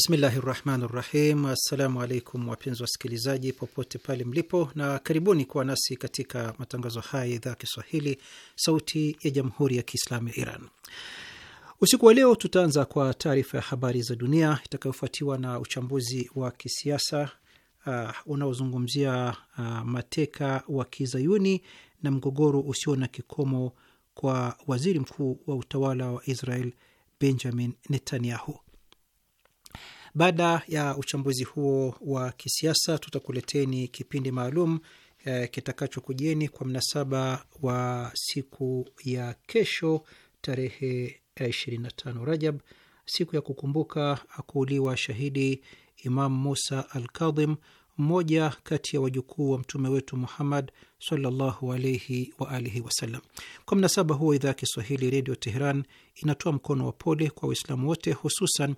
Bismillahi rahmani rahim. Assalamu alaikum wapenzi wasikilizaji popote pale mlipo, na karibuni kuwa nasi katika matangazo haya ya idhaa ya Kiswahili, Sauti ya Jamhuri ya Kiislamu ya Iran. Usiku wa leo tutaanza kwa taarifa ya habari za dunia itakayofuatiwa na uchambuzi wa kisiasa uh, unaozungumzia uh, mateka wa kizayuni na mgogoro usio na kikomo kwa waziri mkuu wa utawala wa Israel Benjamin Netanyahu. Baada ya uchambuzi huo wa kisiasa, tutakuleteni kipindi maalum eh, kitakachokujieni kwa mnasaba wa siku ya kesho tarehe 25 Rajab, siku ya kukumbuka kuuliwa shahidi Imam Musa al-Kadhim, mmoja kati ya wajukuu wa mtume wetu Muhammad sallallahu alaihi wa alihi wasallam. Kwa mnasaba huo, idhaa ya Kiswahili Redio Teheran inatoa mkono wa pole kwa Waislamu wote hususan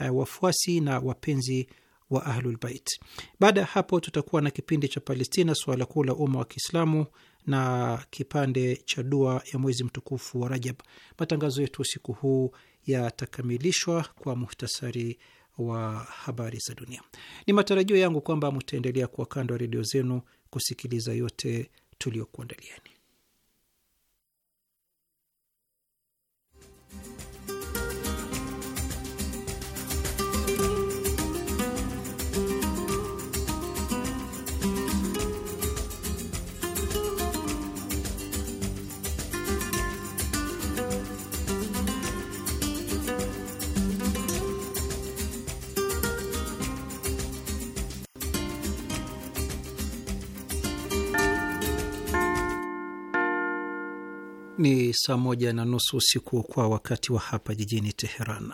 Eh, wafuasi na wapenzi wa Ahlulbait. Baada ya hapo, tutakuwa na kipindi cha Palestina, suala kuu la umma wa Kiislamu na kipande cha dua ya mwezi mtukufu wa Rajab. Matangazo yetu usiku huu yatakamilishwa kwa muhtasari wa habari za dunia. Ni matarajio yangu kwamba mtaendelea kuwa kando ya redio zenu kusikiliza yote tuliyokuandaliani. ni saa moja na nusu usiku kwa wakati wa hapa jijini Teheran.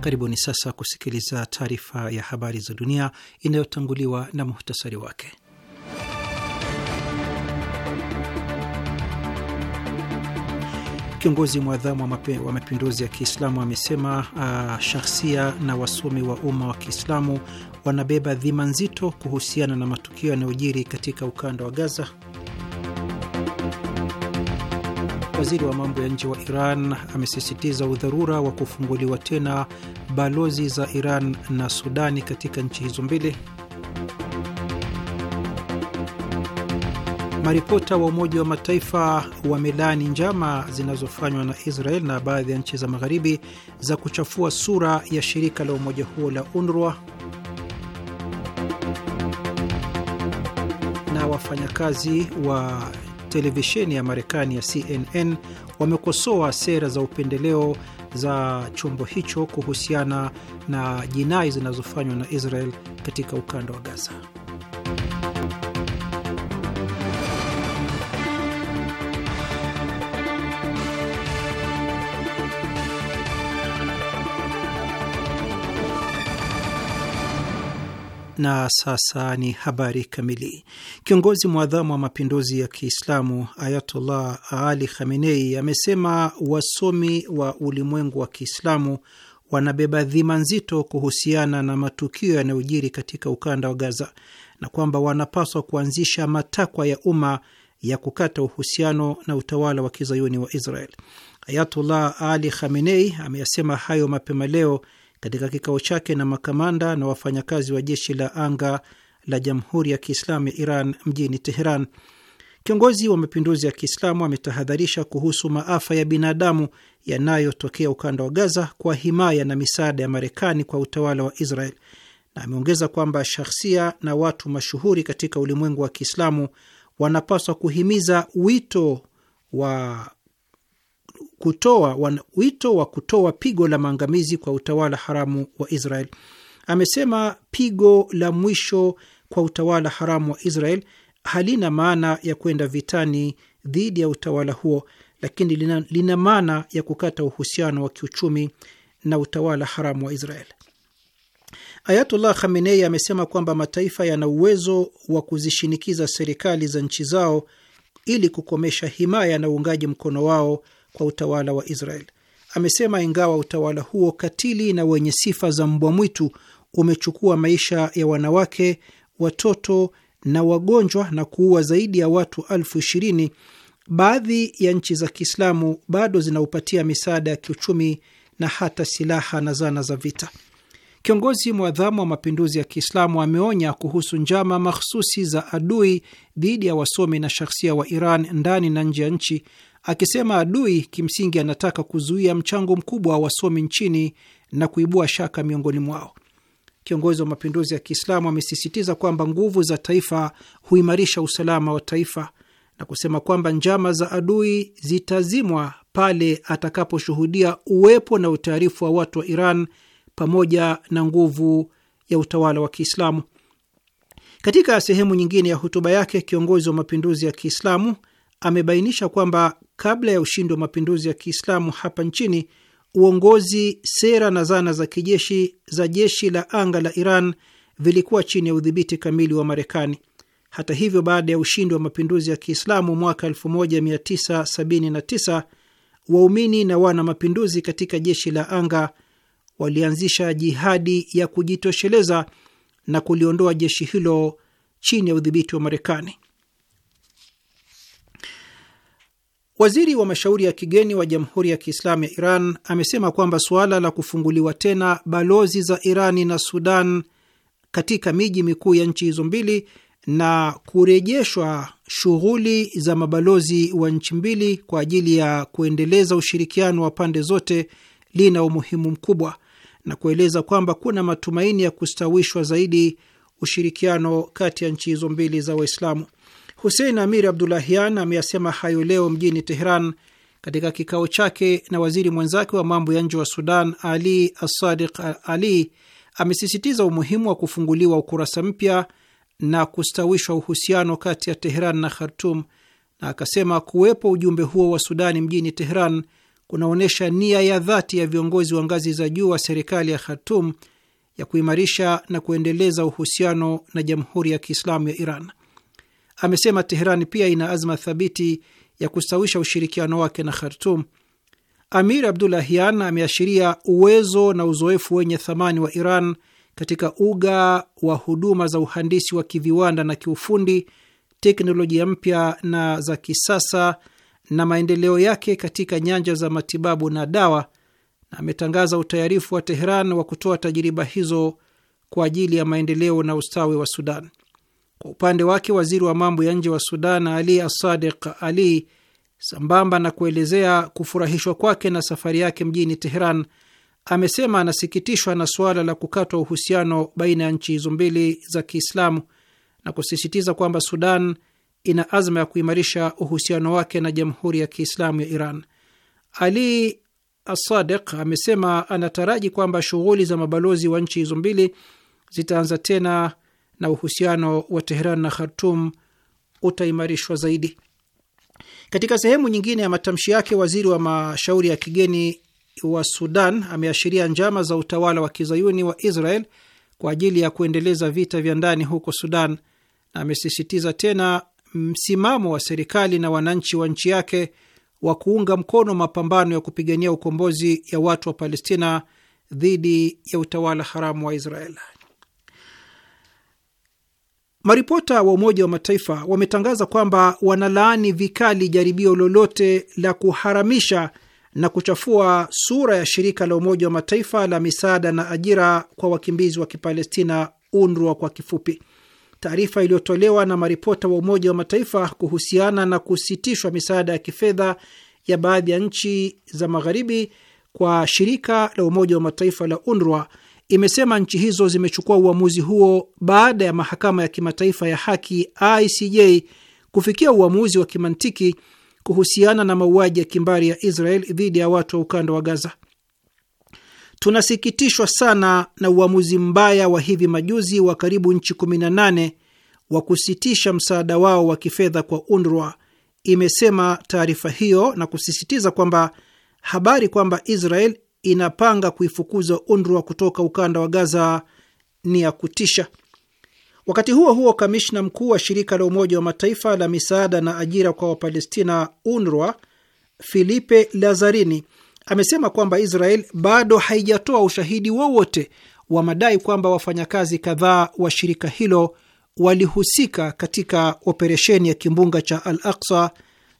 Karibuni sasa kusikiliza taarifa ya habari za dunia inayotanguliwa na muhtasari wake. Kiongozi mwadhamu wa mapinduzi ya Kiislamu amesema uh, shahsia na wasomi wa umma wa Kiislamu wanabeba dhima nzito kuhusiana na matukio yanayojiri katika ukanda wa Gaza. Waziri wa mambo ya nje wa Iran amesisitiza udharura wa kufunguliwa tena balozi za Iran na Sudani katika nchi hizo mbili. Maripota wa Umoja wa Mataifa wamelaani njama zinazofanywa na Israel na baadhi ya nchi za Magharibi za kuchafua sura ya shirika la umoja huo la UNRWA. Na wafanyakazi wa televisheni ya Marekani ya CNN wamekosoa sera za upendeleo za chombo hicho kuhusiana na jinai zinazofanywa na Israel katika ukanda wa Gaza. Na sasa ni habari kamili. Kiongozi mwadhamu wa mapinduzi ya Kiislamu Ayatollah Ali Khamenei amesema wasomi wa ulimwengu wa Kiislamu wanabeba dhima nzito kuhusiana na matukio yanayojiri katika ukanda wa Gaza na kwamba wanapaswa kuanzisha matakwa ya umma ya kukata uhusiano na utawala wa kizayuni wa Israel. Ayatullah Ali Khamenei ameyasema hayo mapema leo katika kikao chake na makamanda na wafanyakazi wa jeshi la anga la Jamhuri ya Kiislamu ya Iran mjini Teheran. Kiongozi wa mapinduzi ya Kiislamu ametahadharisha kuhusu maafa ya binadamu yanayotokea ukanda wa Gaza kwa himaya na misaada ya Marekani kwa utawala wa Israel, na ameongeza kwamba shahsia na watu mashuhuri katika ulimwengu wa Kiislamu wanapaswa kuhimiza wito wa kutoa wito wa kutoa pigo la maangamizi kwa utawala haramu wa Israel. Amesema pigo la mwisho kwa utawala haramu wa Israel halina maana ya kwenda vitani dhidi ya utawala huo, lakini lina, lina maana ya kukata uhusiano wa kiuchumi na utawala haramu wa Israel. Ayatullah Khamenei amesema kwamba mataifa yana uwezo wa kuzishinikiza serikali za nchi zao ili kukomesha himaya na uungaji mkono wao kwa utawala wa Israel. Amesema ingawa utawala huo katili na wenye sifa za mbwa mwitu umechukua maisha ya wanawake, watoto na wagonjwa na kuua zaidi ya watu elfu ishirini, baadhi ya nchi za Kiislamu bado zinaupatia misaada ya kiuchumi na hata silaha na zana za vita. Kiongozi mwadhamu wa mapinduzi ya Kiislamu ameonya kuhusu njama mahsusi za adui dhidi ya wasomi na shakhsia wa Iran ndani na nje ya nchi, akisema adui kimsingi anataka kuzuia mchango mkubwa wa wasomi nchini na kuibua shaka miongoni mwao. Kiongozi wa mapinduzi ya Kiislamu amesisitiza kwamba nguvu za taifa huimarisha usalama wa taifa na kusema kwamba njama za adui zitazimwa pale atakaposhuhudia uwepo na utaarifu wa watu wa Iran pamoja na nguvu ya utawala wa Kiislamu. Katika sehemu nyingine ya hotuba yake, kiongozi wa mapinduzi ya Kiislamu amebainisha kwamba kabla ya ushindi wa mapinduzi ya Kiislamu hapa nchini, uongozi, sera na zana za kijeshi za jeshi la anga la Iran vilikuwa chini ya udhibiti kamili wa Marekani. Hata hivyo, baada ya ushindi wa mapinduzi ya Kiislamu mwaka 1979 waumini na wana mapinduzi katika jeshi la anga walianzisha jihadi ya kujitosheleza na kuliondoa jeshi hilo chini ya udhibiti wa Marekani. Waziri wa mashauri ya kigeni wa Jamhuri ya Kiislamu ya Iran amesema kwamba suala la kufunguliwa tena balozi za Irani na Sudan katika miji mikuu ya nchi hizo mbili na kurejeshwa shughuli za mabalozi wa nchi mbili kwa ajili ya kuendeleza ushirikiano wa pande zote lina umuhimu mkubwa, na kueleza kwamba kuna matumaini ya kustawishwa zaidi ushirikiano kati ya nchi hizo mbili za Waislamu husein Amir Abdulahian ameyasema hayo leo mjini Teheran katika kikao chake na waziri mwenzake wa mambo ya nje wa Sudan Ali Assadiq Ali. Amesisitiza umuhimu wa kufunguliwa ukurasa mpya na kustawishwa uhusiano kati ya Teheran na Khartum, na akasema kuwepo ujumbe huo wa Sudani mjini Teheran kunaonyesha nia ya dhati ya viongozi wa ngazi za juu wa serikali ya Khartum ya kuimarisha na kuendeleza uhusiano na Jamhuri ya Kiislamu ya Iran amesema Teherani pia ina azma thabiti ya kustawisha ushirikiano wake na Khartum. Amir Abdulahian ameashiria uwezo na uzoefu wenye thamani wa Iran katika uga wa huduma za uhandisi wa kiviwanda na kiufundi, teknolojia mpya na za kisasa na maendeleo yake katika nyanja za matibabu na dawa, na ametangaza utayarifu wa Teheran wa kutoa tajiriba hizo kwa ajili ya maendeleo na ustawi wa Sudan. Kwa upande wake, waziri wa mambo ya nje wa Sudan Ali Assadiq Ali, sambamba na kuelezea kufurahishwa kwake na safari yake mjini Teheran, amesema anasikitishwa na suala la kukatwa uhusiano baina ya nchi hizo mbili za Kiislamu na kusisitiza kwamba Sudan ina azma ya kuimarisha uhusiano wake na Jamhuri ya Kiislamu ya Iran. Ali Assadiq amesema anataraji kwamba shughuli za mabalozi wa nchi hizo mbili zitaanza tena na uhusiano wa Teheran na Khartum utaimarishwa zaidi. Katika sehemu nyingine ya matamshi yake, waziri wa mashauri ya kigeni wa Sudan ameashiria njama za utawala wa kizayuni wa Israel kwa ajili ya kuendeleza vita vya ndani huko Sudan na amesisitiza tena msimamo wa serikali na wananchi wa nchi yake wa kuunga mkono mapambano ya kupigania ukombozi ya watu wa Palestina dhidi ya utawala haramu wa Israel. Maripota wa Umoja wa Mataifa wametangaza kwamba wanalaani vikali jaribio lolote la kuharamisha na kuchafua sura ya shirika la Umoja wa Mataifa la misaada na ajira kwa wakimbizi wa Kipalestina, UNRWA kwa kifupi. Taarifa iliyotolewa na maripota wa Umoja wa Mataifa kuhusiana na kusitishwa misaada ya kifedha ya baadhi ya nchi za magharibi kwa shirika la Umoja wa Mataifa la UNRWA imesema nchi hizo zimechukua uamuzi huo baada ya mahakama ya kimataifa ya haki ICJ kufikia uamuzi wa kimantiki kuhusiana na mauaji ya kimbari ya Israel dhidi ya watu wa ukanda wa Gaza. Tunasikitishwa sana na uamuzi mbaya wa hivi majuzi wa karibu nchi 18 wa kusitisha msaada wao wa kifedha kwa UNRWA, imesema taarifa hiyo na kusisitiza kwamba habari kwamba Israel inapanga kuifukuza UNRWA kutoka ukanda wa Gaza ni ya kutisha. Wakati huo huo, kamishna mkuu wa shirika la Umoja wa Mataifa la misaada na ajira kwa Wapalestina, UNRWA, Filipe Lazarini amesema kwamba Israel bado haijatoa ushahidi wowote wa, wa madai kwamba wafanyakazi kadhaa wa shirika hilo walihusika katika operesheni ya kimbunga cha Al Aqsa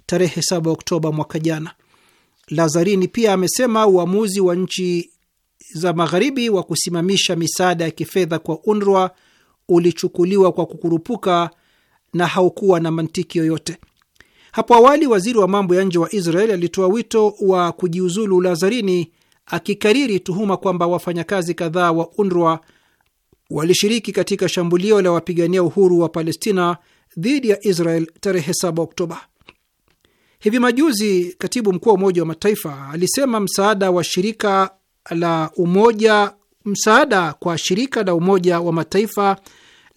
tarehe 7 Oktoba mwaka jana. Lazarini pia amesema uamuzi wa nchi za magharibi wa kusimamisha misaada ya kifedha kwa UNRWA ulichukuliwa kwa kukurupuka na haukuwa na mantiki yoyote. Hapo awali waziri wa mambo ya nje wa Israel alitoa wito wa kujiuzulu Lazarini, akikariri tuhuma kwamba wafanyakazi kadhaa wa UNRWA walishiriki katika shambulio la wapigania uhuru wa Palestina dhidi ya Israel tarehe 7 Oktoba. Hivi majuzi katibu mkuu wa Umoja wa Mataifa alisema msaada wa shirika la umoja msaada kwa shirika la Umoja wa Mataifa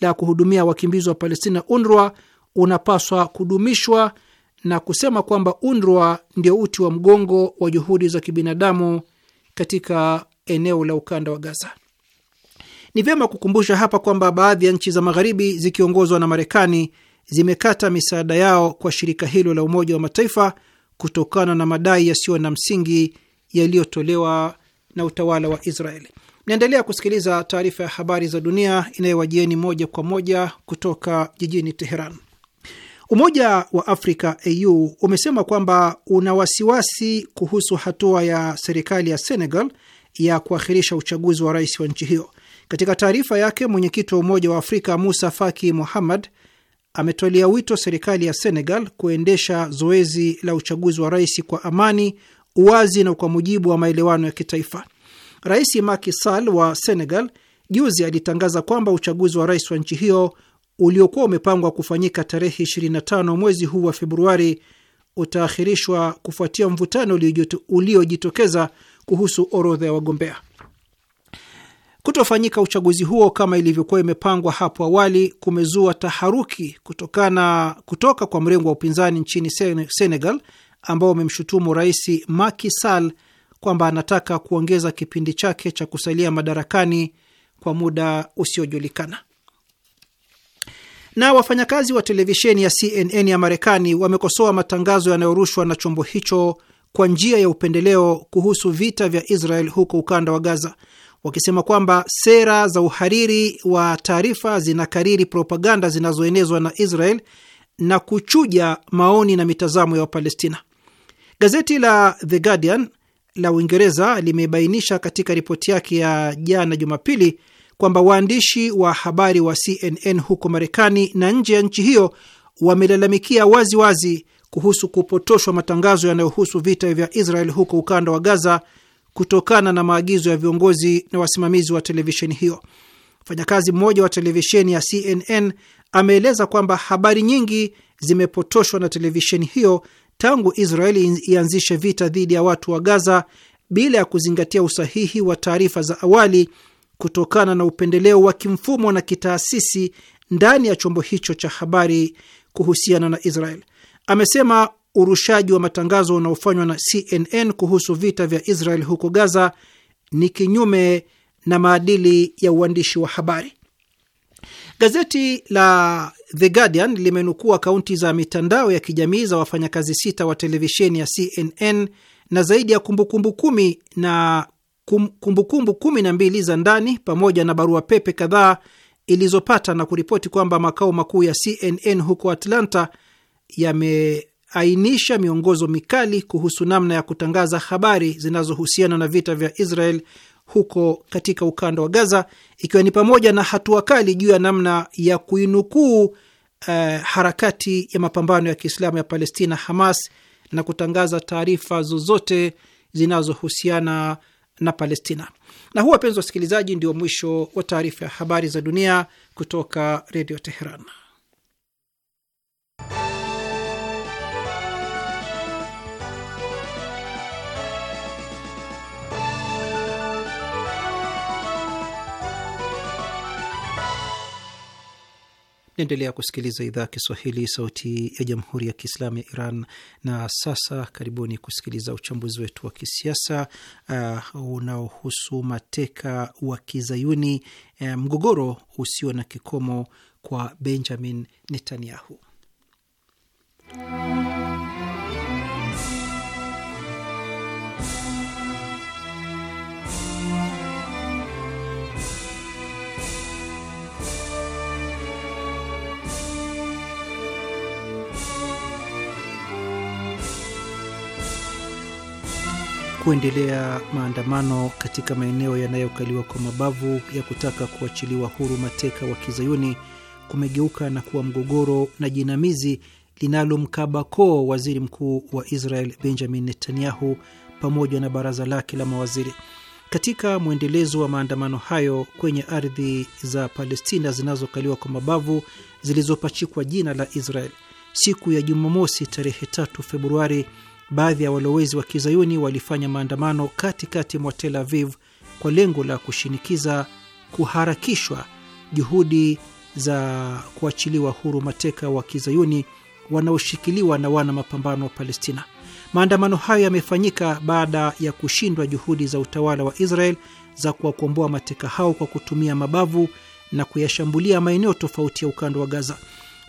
la kuhudumia wakimbizi wa Palestina, UNRWA, unapaswa kudumishwa na kusema kwamba UNRWA ndio uti wa mgongo wa juhudi za kibinadamu katika eneo la ukanda wa Gaza. Ni vyema kukumbusha hapa kwamba baadhi ya nchi za Magharibi zikiongozwa na Marekani zimekata misaada yao kwa shirika hilo la Umoja wa Mataifa kutokana na madai yasiyo na msingi yaliyotolewa na utawala wa Israeli. Naendelea kusikiliza taarifa ya habari za dunia inayowajieni moja kwa moja kutoka jijini Teheran. Umoja wa Afrika AU umesema kwamba una wasiwasi kuhusu hatua ya serikali ya Senegal ya kuahirisha uchaguzi wa rais wa nchi hiyo. Katika taarifa yake, mwenyekiti wa Umoja wa Afrika Musa Faki Muhammad ametolea wito serikali ya Senegal kuendesha zoezi la uchaguzi wa rais kwa amani, uwazi na kwa mujibu wa maelewano ya kitaifa. Rais Macky Sall wa Senegal juzi alitangaza kwamba uchaguzi wa rais wa nchi hiyo uliokuwa umepangwa kufanyika tarehe 25 mwezi huu wa Februari utaakhirishwa kufuatia mvutano uliojitokeza kuhusu orodha ya wagombea. Kutofanyika uchaguzi huo kama ilivyokuwa imepangwa hapo awali kumezua taharuki kutokana, kutoka kwa mrengo wa upinzani nchini Senegal ambao wamemshutumu Rais Macky Sall kwamba anataka kuongeza kipindi chake cha kusalia madarakani kwa muda usiojulikana. Na wafanyakazi wa televisheni ya CNN ya Marekani wamekosoa matangazo yanayorushwa na chombo hicho kwa njia ya upendeleo kuhusu vita vya Israel huko ukanda wa Gaza wakisema kwamba sera za uhariri wa taarifa zinakariri propaganda zinazoenezwa na Israel na kuchuja maoni na mitazamo ya Wapalestina. Gazeti la The Guardian la Uingereza limebainisha katika ripoti yake ya jana Jumapili kwamba waandishi wa habari wa CNN huko Marekani na nje ya nchi hiyo wamelalamikia waziwazi kuhusu kupotoshwa matangazo yanayohusu vita vya Israel huko ukanda wa Gaza kutokana na maagizo ya viongozi na wasimamizi wa televisheni hiyo. Mfanyakazi mmoja wa televisheni ya CNN ameeleza kwamba habari nyingi zimepotoshwa na televisheni hiyo tangu Israeli ianzishe vita dhidi ya watu wa Gaza bila ya kuzingatia usahihi wa taarifa za awali kutokana na upendeleo wa kimfumo na kitaasisi ndani ya chombo hicho cha habari kuhusiana na Israel. Amesema urushaji wa matangazo unaofanywa na CNN kuhusu vita vya Israel huko Gaza ni kinyume na maadili ya uandishi wa habari. Gazeti la The Guardian limenukua akaunti za mitandao ya kijamii za wafanyakazi sita wa televisheni ya CNN na zaidi ya kumbukumbu kumi na kumbukumbu kumi na mbili za ndani pamoja na barua pepe kadhaa ilizopata na kuripoti kwamba makao makuu ya CNN huko Atlanta yame ameainisha miongozo mikali kuhusu namna ya kutangaza habari zinazohusiana na vita vya Israel huko katika ukanda wa Gaza, ikiwa ni pamoja na hatua kali juu ya namna ya kuinukuu uh, harakati ya mapambano ya Kiislamu ya Palestina Hamas na kutangaza taarifa zozote zinazohusiana na Palestina. Na huu, wapenzi wasikilizaji, ndio mwisho wa taarifa ya habari za dunia kutoka Redio Teheran. Naendelea kusikiliza idhaa ya Kiswahili, sauti ya jamhuri ya kiislamu ya Iran. Na sasa karibuni kusikiliza uchambuzi wetu wa kisiasa uh, unaohusu mateka wa kizayuni, uh, mgogoro usio na kikomo kwa Benjamin Netanyahu kuendelea maandamano katika maeneo yanayokaliwa kwa mabavu ya kutaka kuachiliwa huru mateka wa kizayuni kumegeuka na kuwa mgogoro na jinamizi linalomkaba koo waziri mkuu wa Israel Benjamin Netanyahu pamoja na baraza lake la mawaziri. Katika mwendelezo wa maandamano hayo kwenye ardhi za Palestina zinazokaliwa kwa mabavu zilizopachikwa jina la Israel, siku ya Jumamosi tarehe 3 Februari baadhi ya walowezi wa kizayuni walifanya maandamano katikati mwa Tel Aviv kwa lengo la kushinikiza kuharakishwa juhudi za kuachiliwa huru mateka wa kizayuni wanaoshikiliwa na wana mapambano wa Palestina. Maandamano hayo yamefanyika baada ya kushindwa juhudi za utawala wa Israel za kuwakomboa mateka hao kwa kutumia mabavu na kuyashambulia maeneo tofauti ya ukanda wa Gaza.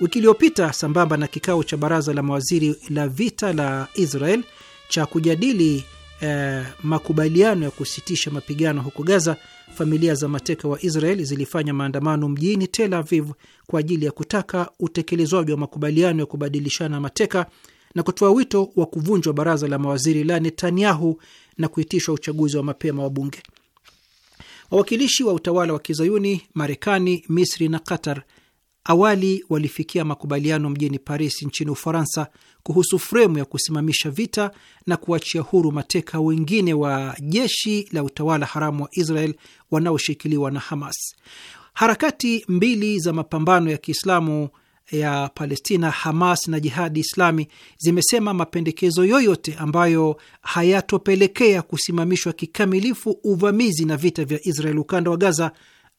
Wiki iliyopita, sambamba na kikao cha baraza la mawaziri la vita la Israel cha kujadili eh, makubaliano ya kusitisha mapigano huko Gaza, familia za mateka wa Israel zilifanya maandamano mjini Tel Aviv kwa ajili ya kutaka utekelezwaji wa makubaliano ya kubadilishana mateka na kutoa wito wa kuvunjwa baraza la mawaziri la Netanyahu na kuitishwa uchaguzi wa mapema wa bunge. Wawakilishi wa utawala wa kizayuni Marekani, Misri na Qatar Awali walifikia makubaliano mjini Paris nchini Ufaransa kuhusu fremu ya kusimamisha vita na kuachia huru mateka wengine wa jeshi la utawala haramu wa Israel wanaoshikiliwa na Hamas. Harakati mbili za mapambano ya Kiislamu ya Palestina, Hamas na Jihadi Islami, zimesema mapendekezo yoyote ambayo hayatopelekea kusimamishwa kikamilifu uvamizi na vita vya Israel ukanda wa Gaza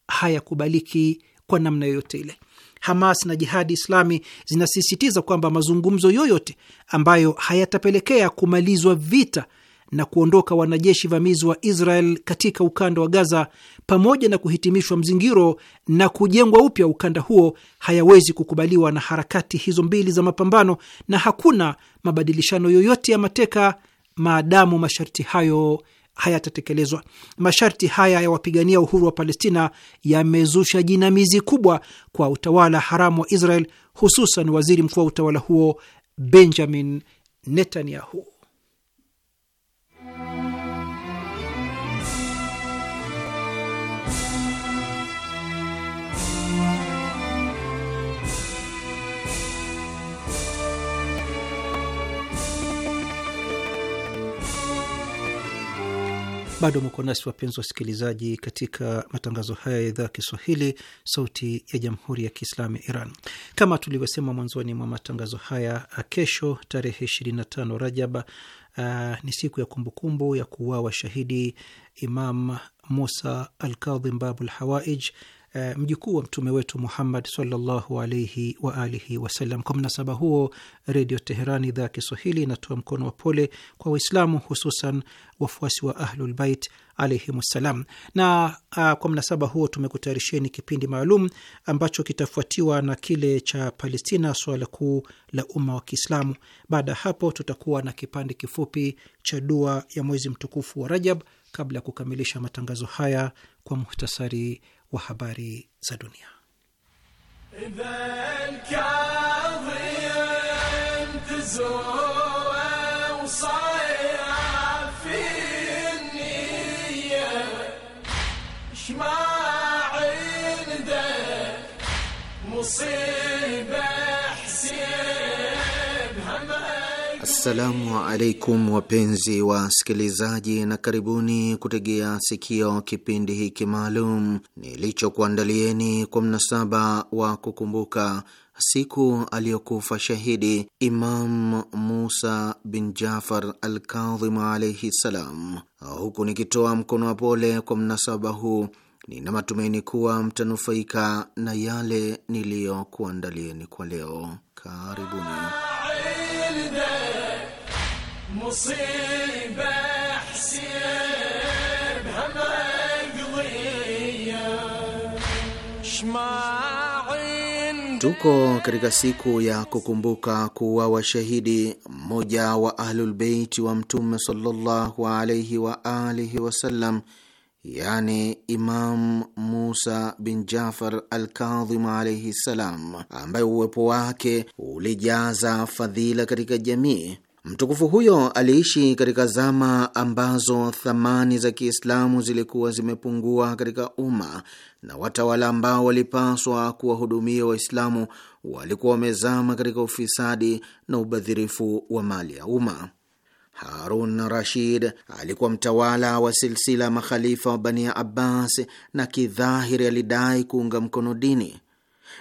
hayakubaliki kwa namna yoyote ile. Hamas na Jihadi Islami zinasisitiza kwamba mazungumzo yoyote ambayo hayatapelekea kumalizwa vita na kuondoka wanajeshi vamizi wa Israel katika ukanda wa Gaza pamoja na kuhitimishwa mzingiro na kujengwa upya ukanda huo hayawezi kukubaliwa na harakati hizo mbili za mapambano, na hakuna mabadilishano yoyote ya mateka maadamu masharti hayo hayatatekelezwa. Masharti haya ya wapigania uhuru wa Palestina yamezusha jinamizi kubwa kwa utawala haramu wa Israel, hususan waziri mkuu wa utawala huo Benjamin Netanyahu. Bado mko nasi wapenzi wasikilizaji, katika matangazo haya ya idhaa ya Kiswahili, sauti ya jamhuri ya kiislamu ya Iran. Kama tulivyosema mwanzoni mwa matangazo haya, kesho tarehe 25 Rajab Uh, ni siku ya kumbukumbu ya kuuawa shahidi Imam Musa Alkadhim Babul Hawaij, Eh, mjukuu wa mtume wetu Muhammad sallallahu alaihi wa alihi wasallam. Kwa mnasaba huo, Redio Teheran idhaa ya Kiswahili inatoa mkono wa pole kwa Waislamu, hususan wafuasi wa Ahlulbait alaihim wassalam. Na a, ah, kwa mnasaba huo tumekutayarisheni kipindi maalum ambacho kitafuatiwa na kile cha Palestina, suala kuu la umma wa Kiislamu. Baada ya hapo, tutakuwa na kipande kifupi cha dua ya mwezi mtukufu wa Rajab kabla ya kukamilisha matangazo haya kwa muhtasari wa habari za dunia. مصيبة حسين Assalamu alaikum wapenzi wa wasikilizaji, na karibuni kutegea sikio kipindi hiki maalum nilichokuandalieni kwa mnasaba wa kukumbuka siku aliyokufa shahidi Imam Musa bin Jafar al Kadhimu alaihi ssalam. Huku nikitoa mkono wa pole kwa mnasaba huu, nina matumaini kuwa mtanufaika na yale niliyokuandalieni kwa leo. Karibuni. مصيبة Tuko katika siku ya kukumbuka kuwa washahidi mmoja wa Ahlulbeiti wa Mtume sallallahu alaihi wa alihi wasallam, yani Imam Musa bin Jafar alkadhimu alaihi ssalam, ambaye uwepo wake ulijaza fadhila katika jamii Mtukufu huyo aliishi katika zama ambazo thamani za Kiislamu zilikuwa zimepungua katika umma na watawala ambao walipaswa kuwahudumia Waislamu walikuwa wamezama katika ufisadi na ubadhirifu wa mali ya umma. Harun Rashid alikuwa mtawala wa silsila makhalifa wa Bani Abbas na kidhahiri alidai kuunga mkono dini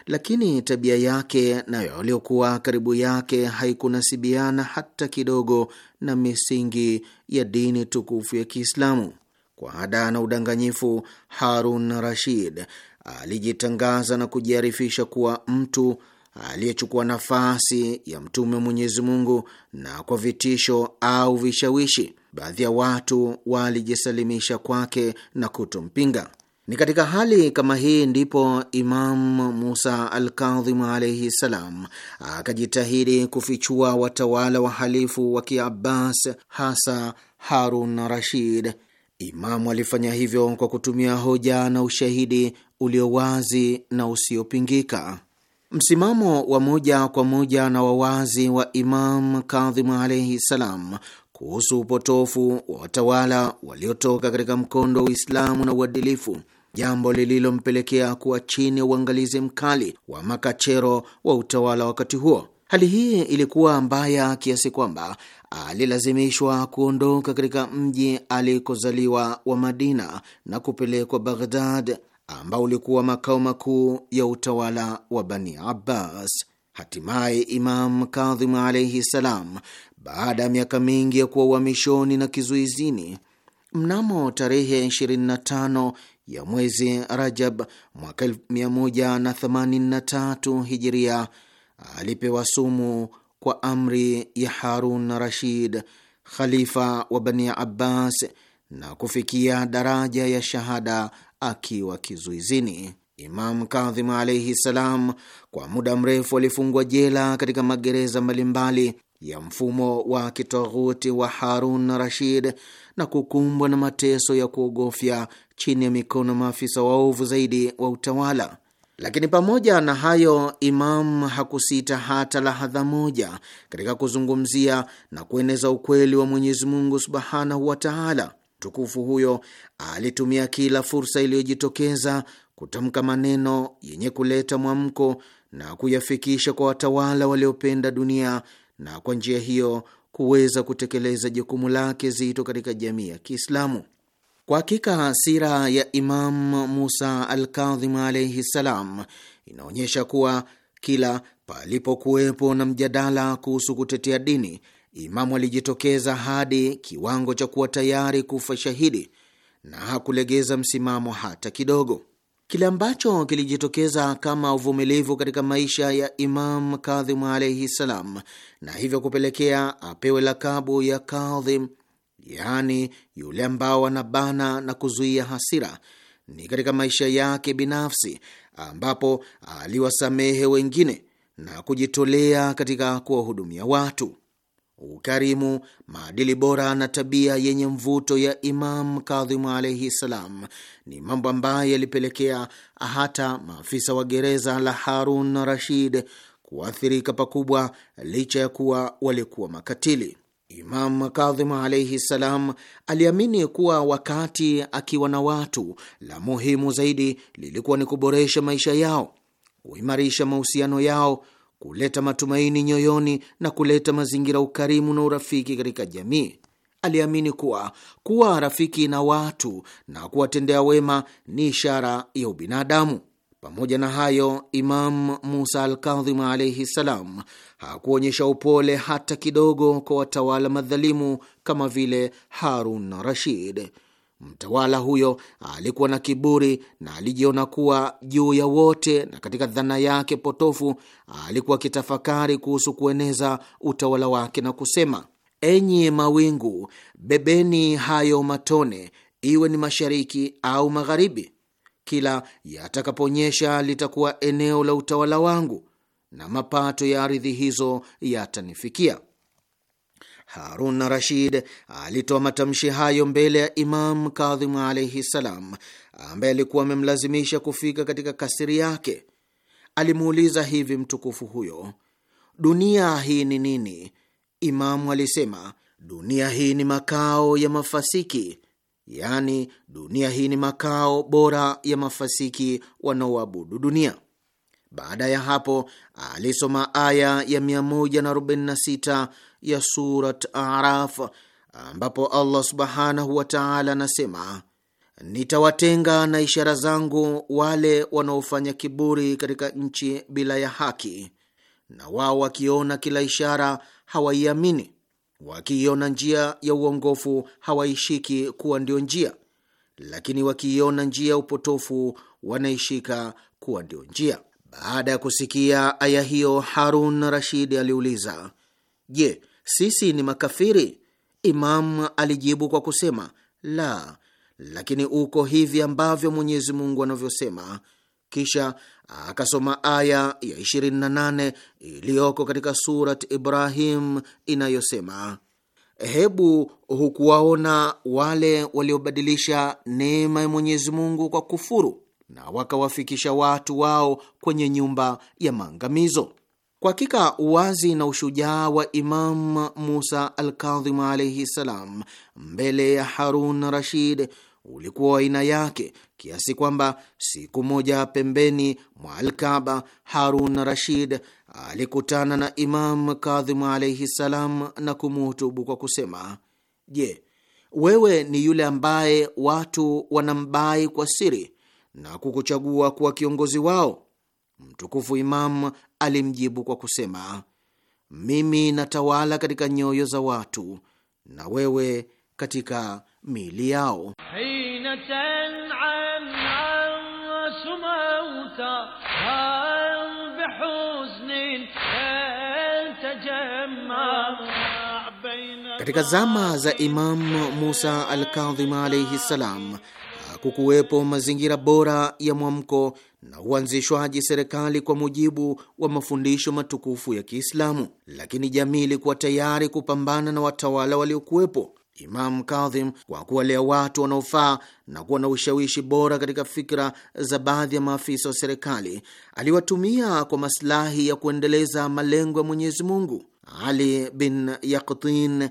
lakini tabia yake nayo aliyokuwa karibu yake haikunasibiana hata kidogo na misingi ya dini tukufu ya Kiislamu. Kwa ada na udanganyifu, Harun Rashid alijitangaza na kujiarifisha kuwa mtu aliyechukua nafasi ya Mtume wa Mwenyezi Mungu, na kwa vitisho au vishawishi, baadhi ya watu walijisalimisha kwake na kutompinga. Ni katika hali kama hii ndipo imam Musa Alkadhim alaihi ssalam akajitahidi kufichua watawala wahalifu wa Kiabbas, hasa Harun Rashid. Imamu alifanya hivyo kwa kutumia hoja na ushahidi ulio wazi na usiopingika. Msimamo wa moja kwa moja na wawazi wa Imam Kadhim alaihi ssalam kuhusu upotofu wa watawala waliotoka katika mkondo wa Uislamu na uadilifu jambo lililompelekea kuwa chini ya uangalizi mkali wa makachero wa utawala wakati huo. Hali hii ilikuwa mbaya kiasi kwamba alilazimishwa kuondoka katika mji alikozaliwa wa Madina na kupelekwa Baghdad, ambao ulikuwa makao makuu ya utawala wa Bani Abbas. Hatimaye Imam Kadhimu alaihi salam, baada ya miaka mingi ya kuwa uhamishoni na kizuizini, mnamo tarehe 25 ya mwezi Rajab mwaka 183 Hijiria alipewa sumu kwa amri ya Harun Rashid, khalifa wa Bani Abbas, na kufikia daraja ya shahada akiwa kizuizini. Imam Kadhim alaihi salam kwa muda mrefu alifungwa jela katika magereza mbalimbali ya mfumo wa kitoghuti wa Harun Rashid na kukumbwa na mateso ya kuogofya chini ya mikono maafisa waovu zaidi wa utawala. Lakini pamoja na hayo, Imam hakusita hata lahadha moja katika kuzungumzia na kueneza ukweli wa Mwenyezi Mungu subhanahu wa taala. Mtukufu huyo alitumia kila fursa iliyojitokeza kutamka maneno yenye kuleta mwamko na kuyafikisha kwa watawala waliopenda dunia na kwa njia hiyo kuweza kutekeleza jukumu lake zito katika jamii ya Kiislamu. Kwa hakika sira ya Imam Musa Alkadhim alaihi ssalam inaonyesha kuwa kila palipokuwepo na mjadala kuhusu kutetea dini, Imamu alijitokeza hadi kiwango cha kuwa tayari kufa shahidi na hakulegeza msimamo hata kidogo. Kile ambacho kilijitokeza kama uvumilivu katika maisha ya Imam Kadhim alaihi ssalam, na hivyo kupelekea apewe lakabu ya Kadhim yaani yule ambao anabana na kuzuia hasira, ni katika maisha yake binafsi ambapo aliwasamehe wengine na kujitolea katika kuwahudumia watu. Ukarimu, maadili bora na tabia yenye mvuto ya Imam Kadhimu alaihi ssalam ni mambo ambayo yalipelekea hata maafisa wa gereza la Harun Rashid kuathirika pakubwa, licha ya kuwa walikuwa makatili. Imam Kadhim alaihi ssalam aliamini kuwa wakati akiwa na watu, la muhimu zaidi lilikuwa ni kuboresha maisha yao, kuimarisha mahusiano yao, kuleta matumaini nyoyoni na kuleta mazingira ukarimu na urafiki katika jamii. Aliamini kuwa kuwa rafiki na watu na kuwatendea wema ni ishara ya ubinadamu. Pamoja na hayo, Imam Musa Alkadhim alaihi ssalam hakuonyesha upole hata kidogo kwa watawala madhalimu kama vile Harun Rashid. Mtawala huyo alikuwa na kiburi na alijiona kuwa juu ya wote, na katika dhana yake potofu alikuwa akitafakari kuhusu kueneza utawala wake na kusema: enyi mawingu, bebeni hayo matone, iwe ni mashariki au magharibi kila yatakaponyesha litakuwa eneo la utawala wangu na mapato ya ardhi hizo yatanifikia. Harun Rashid alitoa matamshi hayo mbele ya Imam Kadhimu alaihi salam, ambaye alikuwa amemlazimisha kufika katika kasiri yake. Alimuuliza hivi mtukufu huyo, dunia hii ni nini? Imamu alisema, dunia hii ni makao ya mafasiki yaani dunia hii ni makao bora ya mafasiki wanaoabudu dunia. Baada ya hapo alisoma aya ya 146 ya Surat Araf ambapo Allah subhanahu wa taala anasema, nitawatenga na ishara zangu wale wanaofanya kiburi katika nchi bila ya haki, na wao wakiona kila ishara hawaiamini Wakiiona njia ya uongofu hawaishiki kuwa ndio njia, lakini wakiiona njia ya upotofu wanaishika kuwa ndio njia. Baada ya kusikia aya hiyo, Harun Rashid aliuliza, Je, sisi ni makafiri? Imam alijibu kwa kusema la, lakini uko hivi ambavyo Mwenyezi Mungu anavyosema. Kisha akasoma aya ya 28 iliyoko katika Surat Ibrahim inayosema: Hebu hukuwaona wale waliobadilisha neema ya Mwenyezi Mungu kwa kufuru na wakawafikisha watu wao kwenye nyumba ya maangamizo. Kwa hakika uwazi na ushujaa wa Imam Musa Alkadhimu alaihi ssalam mbele ya Harun Rashid ulikuwa aina yake kiasi kwamba siku moja pembeni mwa Alkaba Harun Rashid alikutana na Imam Kadhimu alaihi ssalam na kumuhutubu kwa kusema: Je, wewe ni yule ambaye watu wanambai kwa siri na kukuchagua kuwa kiongozi wao? Mtukufu Imam alimjibu kwa kusema: mimi natawala katika nyoyo za watu na wewe katika miili yao. Katika zama za imam Musa Alkadhim alaihi ssalam, hakukuwepo mazingira bora ya mwamko na uanzishwaji serikali kwa mujibu wa mafundisho matukufu ya Kiislamu, lakini jamii ilikuwa tayari kupambana na watawala waliokuwepo Imamu Kadhim kwa kuwalea watu wanaofaa na kuwa na ushawishi bora katika fikra za baadhi ya maafisa wa serikali aliwatumia kwa masilahi ya kuendeleza malengo ya Mwenyezi Mungu. Ali bin Yaqtin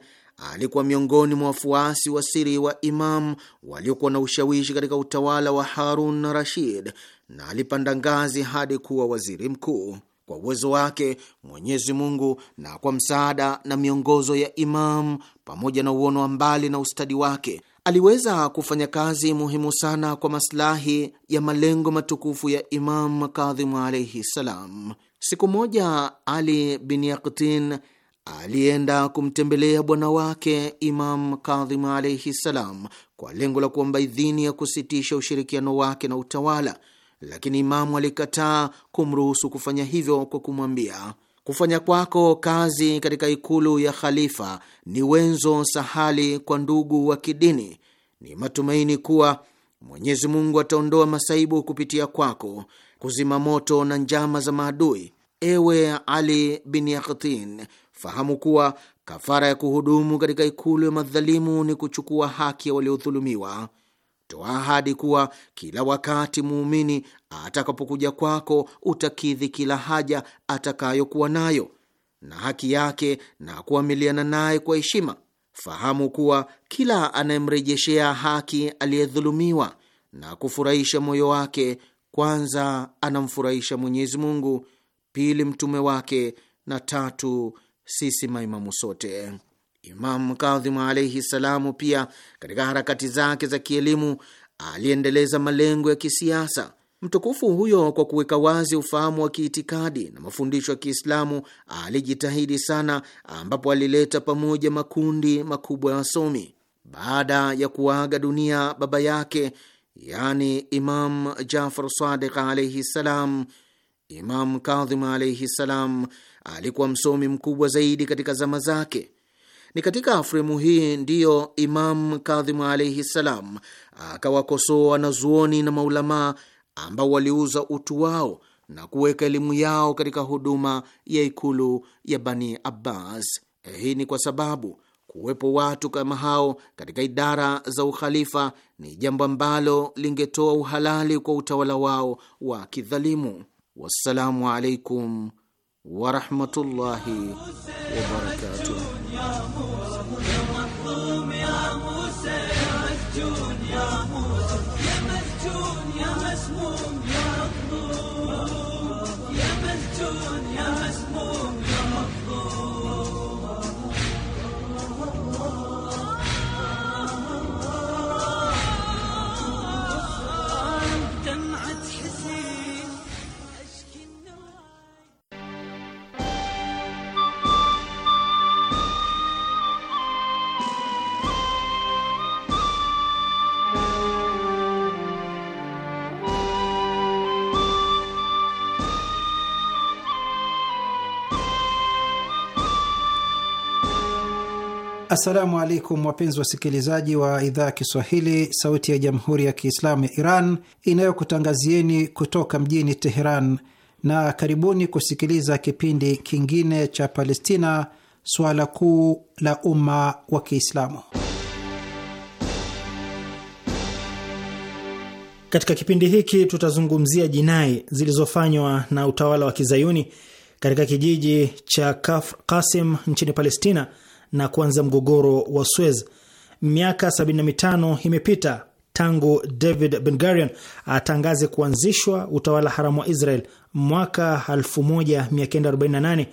alikuwa miongoni mwa wafuasi wa siri wa Imamu waliokuwa na ushawishi katika utawala wa Harun Rashid na alipanda ngazi hadi kuwa waziri mkuu. Kwa uwezo wake Mwenyezi Mungu na kwa msaada na miongozo ya Imam pamoja na uono wa mbali na ustadi wake aliweza kufanya kazi muhimu sana kwa masilahi ya malengo matukufu ya Imam Kadhimu alaihi ssalam. Siku moja Ali bin Yaktin alienda kumtembelea bwana wake Imam Kadhimu alaihi ssalam kwa lengo la kuomba idhini ya kusitisha ushirikiano wake na utawala lakini Imamu alikataa kumruhusu kufanya hivyo kwa kumwambia, kufanya kwako kazi katika ikulu ya khalifa ni wenzo sahali kwa ndugu wa kidini. Ni matumaini kuwa Mwenyezi Mungu ataondoa masaibu kupitia kwako, kuzima moto na njama za maadui. Ewe Ali bin Yaktin, fahamu kuwa kafara ya kuhudumu katika ikulu ya madhalimu ni kuchukua haki ya waliodhulumiwa akitoa ahadi kuwa kila wakati muumini atakapokuja kwako utakidhi kila haja atakayokuwa nayo na haki yake na kuamiliana naye kwa heshima. Fahamu kuwa kila anayemrejeshea haki aliyedhulumiwa na kufurahisha moyo wake, kwanza anamfurahisha Mwenyezi Mungu, pili mtume wake, na tatu sisi maimamu sote. Imamu Kadhimu alaihi salamu pia katika harakati zake za kielimu aliendeleza malengo ya kisiasa. Mtukufu huyo kwa kuweka wazi ufahamu wa kiitikadi na mafundisho ya Kiislamu alijitahidi sana, ambapo alileta pamoja makundi makubwa ya wasomi. Baada ya kuaga dunia baba yake, yani Imam Jafar Sadiq alaihi salam, Imam Kadhim alaihi salam alikuwa msomi mkubwa zaidi katika zama zake. Ni katika fremu hii ndiyo Imam Kadhimu alaihi ssalam akawakosoa wanazuoni na maulamaa ambao waliuza utu wao na kuweka elimu yao katika huduma ya ikulu ya Bani Abbas. Hii ni kwa sababu kuwepo watu kama hao katika idara za ukhalifa ni jambo ambalo lingetoa uhalali kwa utawala wao wa kidhalimu. Wassalamu alaikum warahmatullahi wabarakatuh. Ramu. Assalamu alaikum wapenzi wasikilizaji wa idhaa ya Kiswahili, sauti ya jamhuri ya kiislamu ya Iran inayokutangazieni kutoka mjini Teheran, na karibuni kusikiliza kipindi kingine cha Palestina, suala kuu la umma wa Kiislamu. Katika kipindi hiki tutazungumzia jinai zilizofanywa na utawala wa kizayuni katika kijiji cha Kafr Kasim nchini Palestina na kuanza mgogoro wa Suez. Miaka 75 imepita tangu David Ben Gurion atangaze kuanzishwa utawala haramu wa Israel mwaka 1948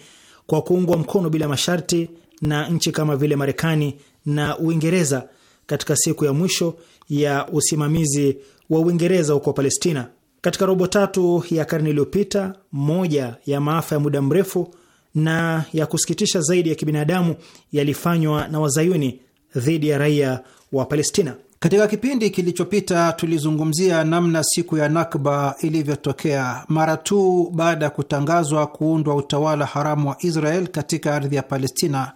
kwa kuungwa mkono bila masharti na nchi kama vile Marekani na Uingereza katika siku ya mwisho ya usimamizi wa Uingereza huko Palestina. Katika robo tatu ya karne iliyopita, moja ya maafa ya muda mrefu na ya kusikitisha zaidi ya kibinadamu yalifanywa na wazayuni dhidi ya raia wa Palestina. Katika kipindi kilichopita tulizungumzia namna siku ya Nakba ilivyotokea mara tu baada ya kutangazwa kuundwa utawala haramu wa Israel katika ardhi ya Palestina,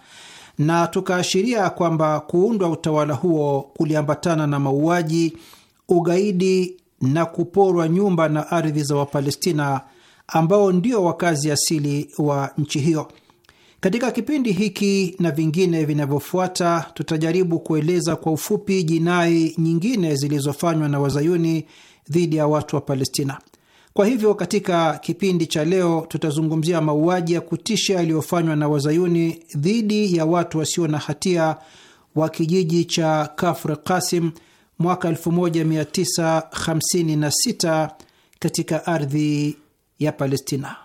na tukaashiria kwamba kuundwa utawala huo kuliambatana na mauaji, ugaidi na kuporwa nyumba na ardhi za Wapalestina ambao ndio wakazi asili wa nchi hiyo. Katika kipindi hiki na vingine vinavyofuata, tutajaribu kueleza kwa ufupi jinai nyingine zilizofanywa na wazayuni dhidi ya watu wa Palestina. Kwa hivyo, katika kipindi cha leo tutazungumzia mauaji ya kutisha yaliyofanywa na wazayuni dhidi ya watu wasio na hatia wa kijiji cha Kafr Kasim mwaka 1956 katika ardhi ya Palestina.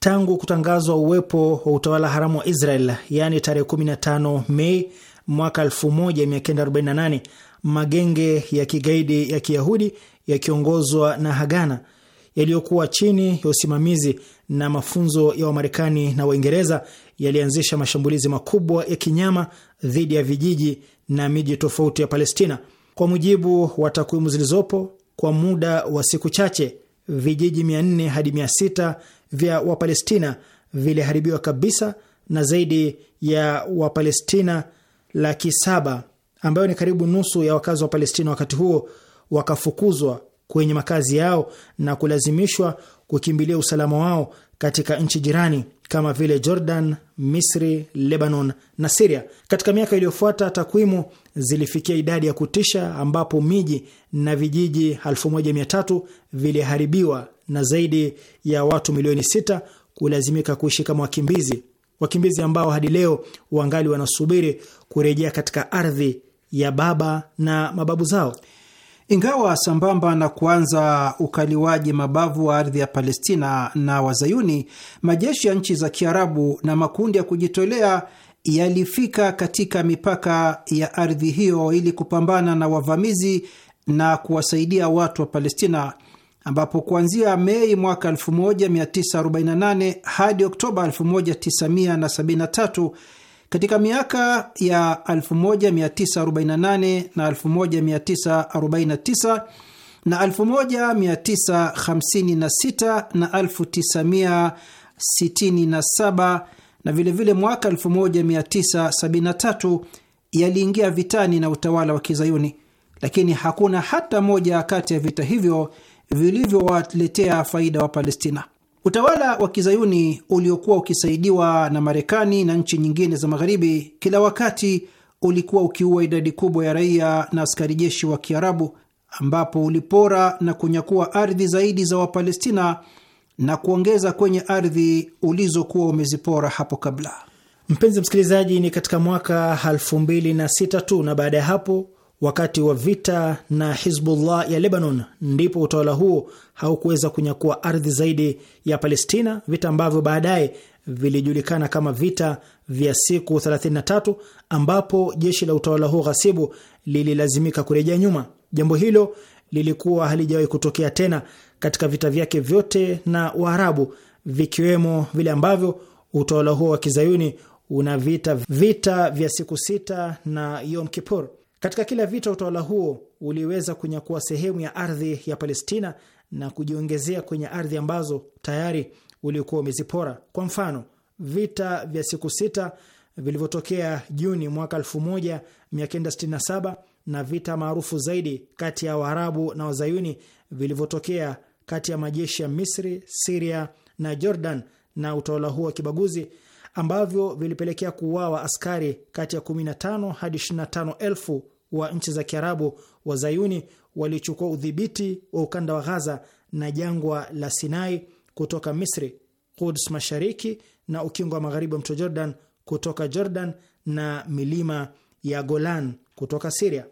Tangu kutangazwa uwepo wa utawala haramu wa Israel, yaani tarehe 15 Mei mwaka 1948, magenge ya kigaidi ya Kiyahudi yakiongozwa na Hagana yaliyokuwa chini ya usimamizi na mafunzo ya Wamarekani na Waingereza yalianzisha mashambulizi makubwa ya kinyama dhidi ya vijiji na miji tofauti ya Palestina. Kwa mujibu wa takwimu zilizopo, kwa muda wa siku chache vijiji 400 hadi 600 vya Wapalestina viliharibiwa kabisa na zaidi ya Wapalestina laki saba ambayo ni karibu nusu ya wakazi wa Palestina wakati huo wakafukuzwa kwenye makazi yao na kulazimishwa kukimbilia usalama wao katika nchi jirani kama vile Jordan, Misri, Lebanon na Siria. Katika miaka iliyofuata takwimu zilifikia idadi ya kutisha, ambapo miji na vijiji 1300 viliharibiwa na zaidi ya watu milioni 6 kulazimika kuishi kama wakimbizi, wakimbizi ambao hadi leo wangali wanasubiri kurejea katika ardhi ya baba na mababu zao. Ingawa sambamba na kuanza ukaliwaji mabavu wa ardhi ya Palestina na Wazayuni, majeshi ya nchi za Kiarabu na makundi ya kujitolea yalifika katika mipaka ya ardhi hiyo ili kupambana na wavamizi na kuwasaidia watu wa Palestina, ambapo kuanzia Mei mwaka 1948 hadi Oktoba 1973 katika miaka ya 1948 na 1949 na 1956 na 1967 na vilevile mwaka 1973 yaliingia vitani na utawala wa Kizayuni, lakini hakuna hata moja kati ya vita hivyo vilivyowaletea faida wa Palestina. Utawala wa kizayuni uliokuwa ukisaidiwa na Marekani na nchi nyingine za Magharibi kila wakati ulikuwa ukiua idadi kubwa ya raia na askari jeshi wa Kiarabu, ambapo ulipora na kunyakua ardhi zaidi za Wapalestina na kuongeza kwenye ardhi ulizokuwa umezipora hapo kabla. Mpenzi msikilizaji, ni katika mwaka 2006 tu na baada ya hapo wakati wa vita na Hizbullah ya Lebanon, ndipo utawala huo haukuweza kunyakua ardhi zaidi ya Palestina, vita ambavyo baadaye vilijulikana kama vita vya siku 33 ambapo jeshi la utawala huo ghasibu lililazimika kurejea nyuma. Jambo hilo lilikuwa halijawahi kutokea tena katika vita vyake vyote na Waarabu, vikiwemo vile ambavyo utawala huo wa kizayuni una vita vita vya siku sita na Yom Kippur. Katika kila vita utawala huo uliweza kunyakua sehemu ya ardhi ya Palestina na kujiongezea kwenye ardhi ambazo tayari ulikuwa umezipora. Kwa mfano, vita vya siku sita vilivyotokea Juni mwaka 1967 na vita maarufu zaidi kati ya Waarabu na Wazayuni vilivyotokea kati ya majeshi ya Misri, Siria na Jordan na utawala huo wa kibaguzi ambavyo vilipelekea kuuawa askari kati ya 15 hadi 25 elfu wa nchi za Kiarabu wa zayuni walichukua udhibiti wa ukanda wa Ghaza na jangwa la Sinai kutoka Misri, Quds mashariki na ukingo wa magharibi wa mto Jordan kutoka Jordan na milima ya Golan kutoka Siria.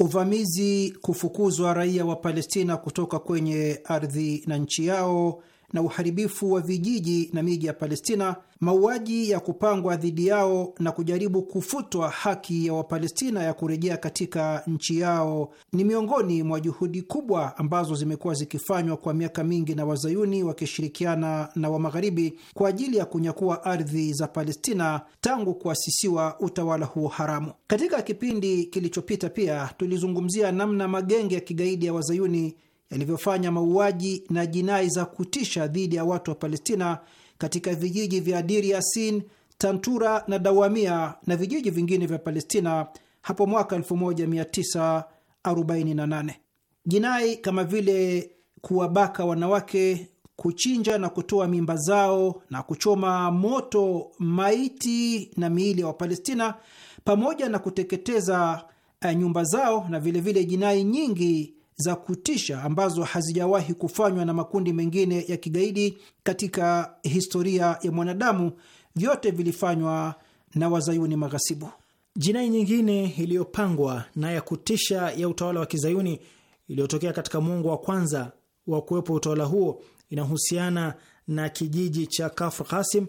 uvamizi, kufukuzwa raia wa Palestina kutoka kwenye ardhi na nchi yao na uharibifu wa vijiji na miji ya Palestina, mauaji ya kupangwa dhidi yao na kujaribu kufutwa haki ya Wapalestina ya kurejea katika nchi yao ni miongoni mwa juhudi kubwa ambazo zimekuwa zikifanywa kwa miaka mingi na Wazayuni wakishirikiana na Wamagharibi kwa ajili ya kunyakua ardhi za Palestina tangu kuasisiwa utawala huo haramu. Katika kipindi kilichopita pia tulizungumzia namna magenge ya kigaidi ya Wazayuni yalivyofanya mauaji na jinai za kutisha dhidi ya watu wa Palestina katika vijiji vya Dir Yasin, Tantura na Dawamia na vijiji vingine vya Palestina hapo mwaka 1948. Jinai kama vile kuwabaka wanawake, kuchinja na kutoa mimba zao na kuchoma moto maiti na miili ya Wapalestina pamoja na kuteketeza eh, nyumba zao na vilevile vile jinai nyingi za kutisha ambazo hazijawahi kufanywa na makundi mengine ya kigaidi katika historia ya mwanadamu, vyote vilifanywa na wazayuni maghasibu. Jinai nyingine iliyopangwa na ya kutisha ya utawala wa kizayuni iliyotokea katika mwongo wa kwanza wa kuwepo utawala huo inahusiana na kijiji cha Kafr Qasim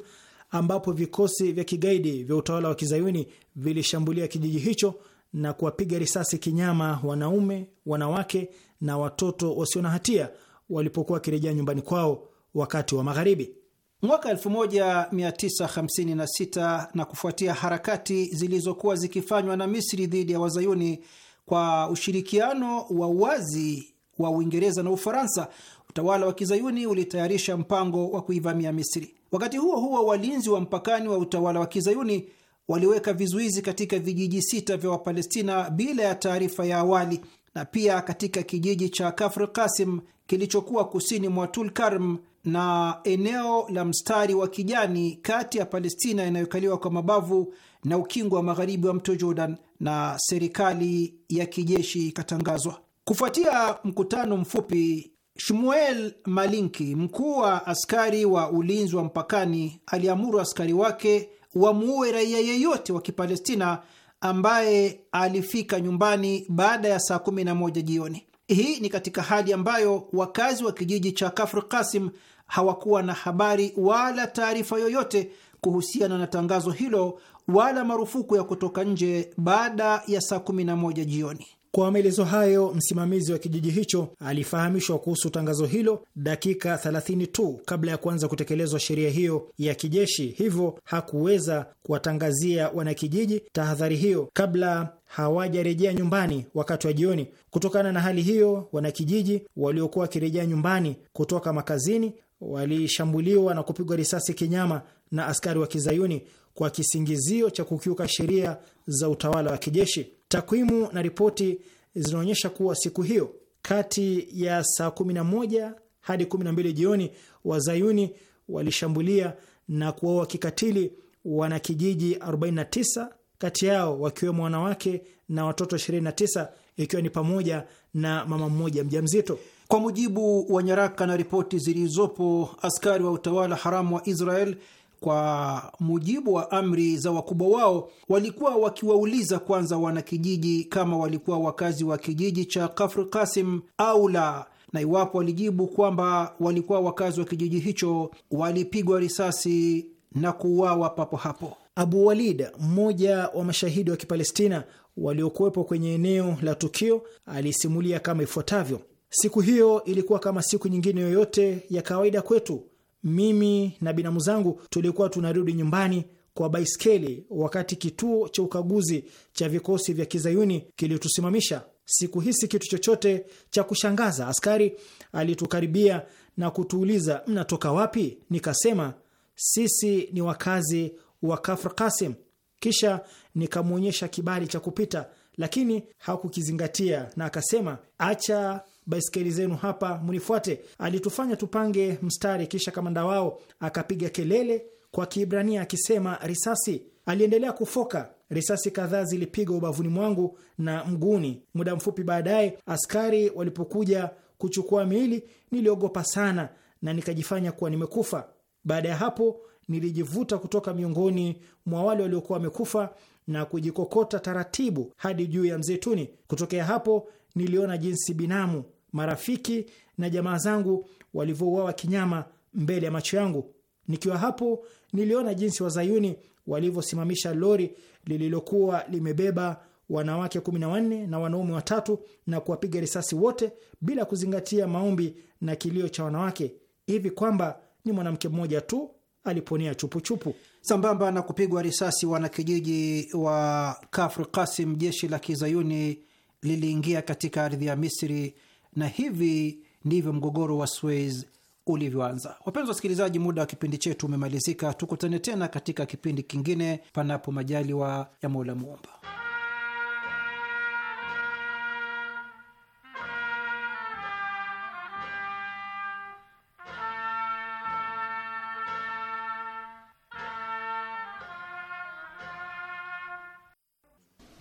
ambapo vikosi vya kigaidi vya utawala wa kizayuni vilishambulia kijiji hicho na kuwapiga risasi kinyama wanaume, wanawake na watoto wasio na hatia walipokuwa wakirejea nyumbani kwao wakati wa magharibi. Mwaka 1956 na kufuatia harakati zilizokuwa zikifanywa na Misri dhidi ya Wazayuni kwa ushirikiano wa wazi wa Uingereza na Ufaransa, utawala wa Kizayuni ulitayarisha mpango wa kuivamia Misri. Wakati huo huo, walinzi wa mpakani wa utawala wa Kizayuni waliweka vizuizi katika vijiji sita vya Wapalestina bila ya taarifa ya awali na pia katika kijiji cha Kafr Kasim kilichokuwa kusini mwa Tulkarm na eneo la mstari wa kijani kati ya Palestina inayokaliwa kwa mabavu na ukingo wa magharibi wa mto Jordan, na serikali ya kijeshi ikatangazwa. Kufuatia mkutano mfupi, Shmuel Malinki, mkuu wa askari wa ulinzi wa mpakani, aliamuru askari wake wamuue raia yeyote wa Kipalestina ambaye alifika nyumbani baada ya saa 11 jioni. Hii ni katika hali ambayo wakazi wa kijiji cha Kafr Kasim hawakuwa na habari wala taarifa yoyote kuhusiana na tangazo hilo wala marufuku ya kutoka nje baada ya saa 11 jioni. Kwa maelezo hayo, msimamizi wa kijiji hicho alifahamishwa kuhusu tangazo hilo dakika 30 tu kabla ya kuanza kutekelezwa sheria hiyo ya kijeshi, hivyo hakuweza kuwatangazia wanakijiji tahadhari hiyo kabla hawajarejea nyumbani wakati wa jioni. Kutokana na hali hiyo, wanakijiji waliokuwa wakirejea nyumbani kutoka makazini walishambuliwa na kupigwa risasi kinyama na askari wa kizayuni kwa kisingizio cha kukiuka sheria za utawala wa kijeshi. Takwimu na ripoti zinaonyesha kuwa siku hiyo kati ya saa 11 hadi mbili jioni, wazayuni walishambulia na kuwaua kikatili wanakijiji 49 kati yao wakiwemo wanawake na watoto 29 ikiwa ni pamoja na mama mmoja mjamzito. Kwa mujibu wa nyaraka na ripoti zilizopo, askari wa utawala haramu wa Israel kwa mujibu wa amri za wakubwa wao, walikuwa wakiwauliza kwanza wanakijiji kama walikuwa wakazi wa kijiji cha Kafr Kasim au la, na iwapo walijibu kwamba walikuwa wakazi wa kijiji hicho, walipigwa risasi na kuuawa papo hapo. Abu Walid, mmoja wa mashahidi wa Kipalestina waliokuwepo kwenye eneo la tukio, alisimulia kama ifuatavyo: siku hiyo ilikuwa kama siku nyingine yoyote ya kawaida kwetu mimi na binamu zangu tulikuwa tunarudi nyumbani kwa baiskeli wakati kituo cha ukaguzi cha vikosi vya kizayuni kilitusimamisha. Sikuhisi kitu chochote cha kushangaza. Askari alitukaribia na kutuuliza, mnatoka wapi? Nikasema sisi ni wakazi wa Kafr Kasim, kisha nikamwonyesha kibali cha kupita, lakini hakukizingatia na akasema, acha baiskeli zenu hapa mnifuate. Alitufanya tupange mstari, kisha kamanda wao akapiga kelele kwa Kiibrania akisema risasi. Aliendelea kufoka. Risasi kadhaa zilipiga ubavuni mwangu na mguuni. Muda mfupi baadaye, askari walipokuja kuchukua miili, niliogopa sana na nikajifanya kuwa nimekufa. Baada ya hapo, nilijivuta kutoka miongoni mwa wale waliokuwa wamekufa na kujikokota taratibu hadi juu ya mzeituni. Kutokea hapo niliona jinsi binamu, marafiki na jamaa zangu walivyouawa kinyama mbele ya macho yangu. Nikiwa hapo, niliona jinsi wazayuni walivyosimamisha lori lililokuwa limebeba wanawake 14 na wanaume watatu na kuwapiga risasi wote bila kuzingatia maombi na kilio cha wanawake, hivi kwamba ni mwanamke mmoja tu aliponea chupuchupu. Sambamba na kupigwa risasi wanakijiji wa Kafr Kasim, jeshi la kizayuni liliingia katika ardhi ya Misri, na hivi ndivyo mgogoro wa Suez ulivyoanza. Wapenzi wasikilizaji, muda wa kipindi chetu umemalizika. Tukutane tena katika kipindi kingine, panapo majaliwa ya Mola Muumba.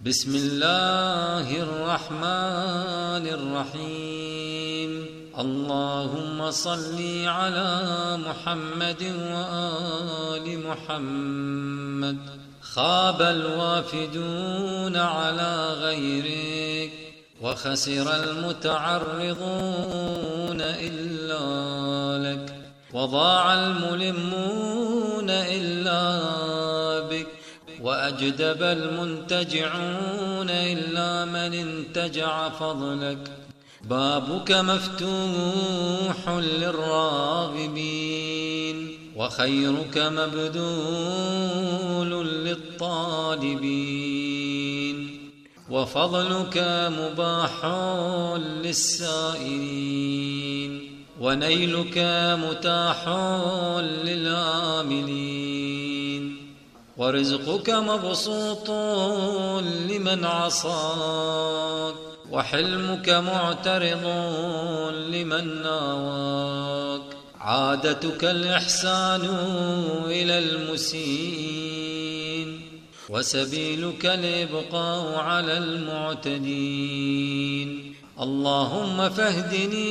بسم الله الرحمن الرحيم اللهم صل على محمد وآل محمد خاب الوافدون على غيرك وخسر المتعرضون إلا لك وضاع الملمون إلا بك وأجدب المنتجعون إلا من انتجع فضلك بابك مفتوح للراغبين وخيرك مبذول للطالبين وفضلك مباح للسائلين ونيلك متاح للآملين ورزقك مبسوط لمن عصاك وحلمك معترض لمن ناواك عادتك الإحسان إلى المسيء وسبيلك الإبقاء على المعتدين اللهم فاهدني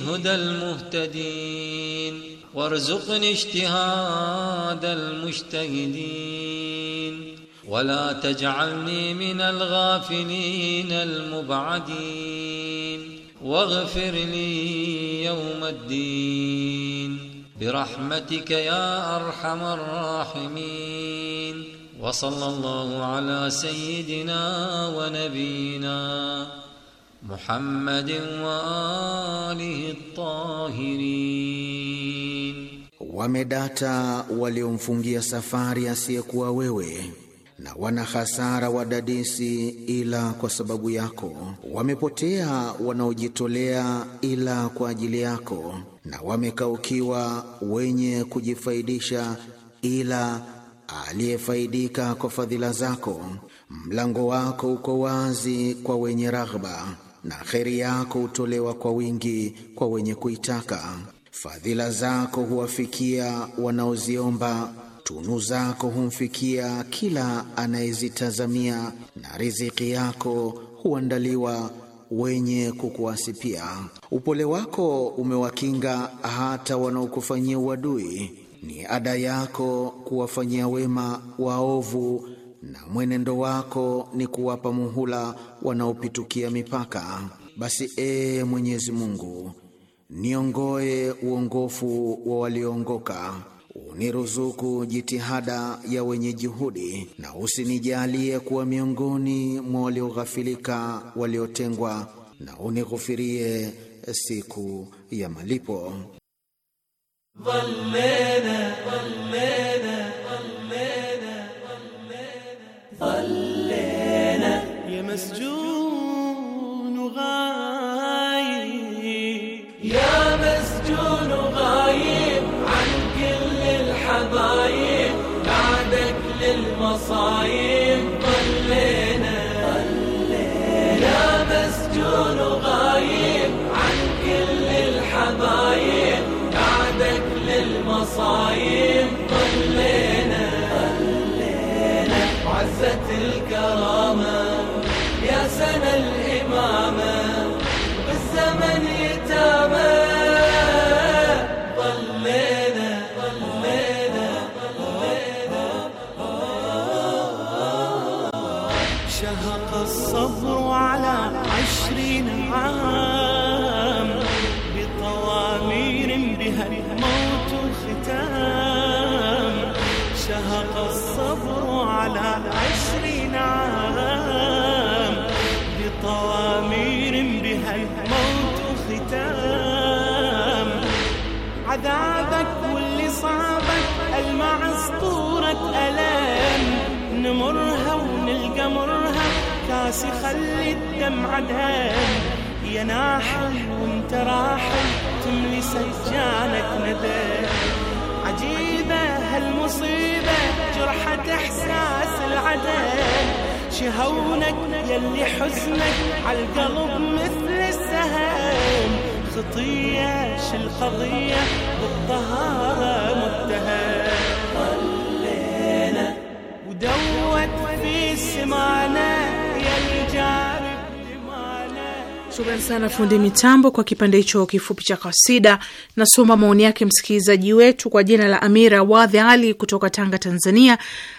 هدى المهتدين وارزقني اجتهاد المجتهدين ولا تجعلني من الغافلين المبعدين واغفر لي يوم الدين برحمتك يا أرحم الراحمين وصلى الله على سيدنا ونبينا Muhammad wa alihi tahirin, wamedata waliomfungia safari asiyekuwa wewe na wana hasara wadadisi ila kwa sababu yako, wamepotea wanaojitolea ila kwa ajili yako, na wamekaukiwa wenye kujifaidisha ila aliyefaidika kwa fadhila zako. Mlango wako uko wazi kwa wenye raghba na kheri yako hutolewa kwa wingi kwa wenye kuitaka. Fadhila zako huwafikia wanaoziomba, tunu zako humfikia kila anayezitazamia, na riziki yako huandaliwa wenye kukuasi pia Upole wako umewakinga hata wanaokufanyia uadui. Ni ada yako kuwafanyia wema waovu na mwenendo wako ni kuwapa muhula wanaopitukia mipaka. Basi ee Mwenyezi Mungu, niongoe uongofu wa walioongoka, uniruzuku jitihada ya wenye juhudi, na usinijalie kuwa miongoni mwa walioghafilika waliotengwa, na unighufirie siku ya malipo. Dhallena, dhallena. صلينا يا مسجون غايب يا مسجون غايب عن كل الحبايب بعدك للمصايب طلينا يا مسجون غايب عن كل الحبايب بعدك للمصايب الناس خلي الدم دهن يا ناحل وانت راحل تملي سجانك ندى عجيبة هالمصيبة جرحت احساس العدم شهونك يلي حزنك عالقلب مثل السهم خطية شو القضية بالطهارة متهم ضلينا ودوت في سمعنا Shukran sana fundi mitambo kwa kipande hicho kifupi cha kasida. Nasoma maoni yake msikilizaji wetu kwa jina la Amira Wadhi Ali kutoka Tanga, Tanzania.